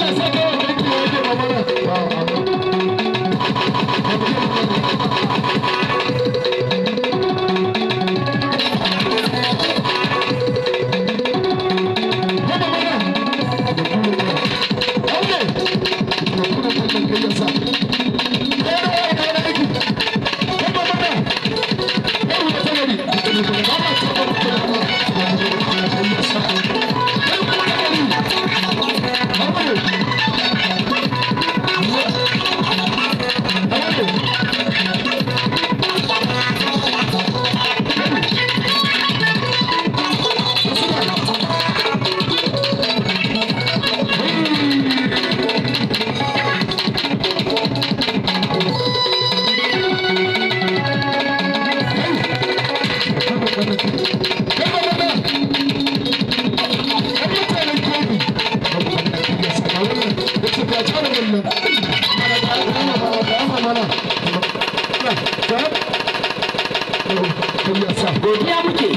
Thank you. godiya muke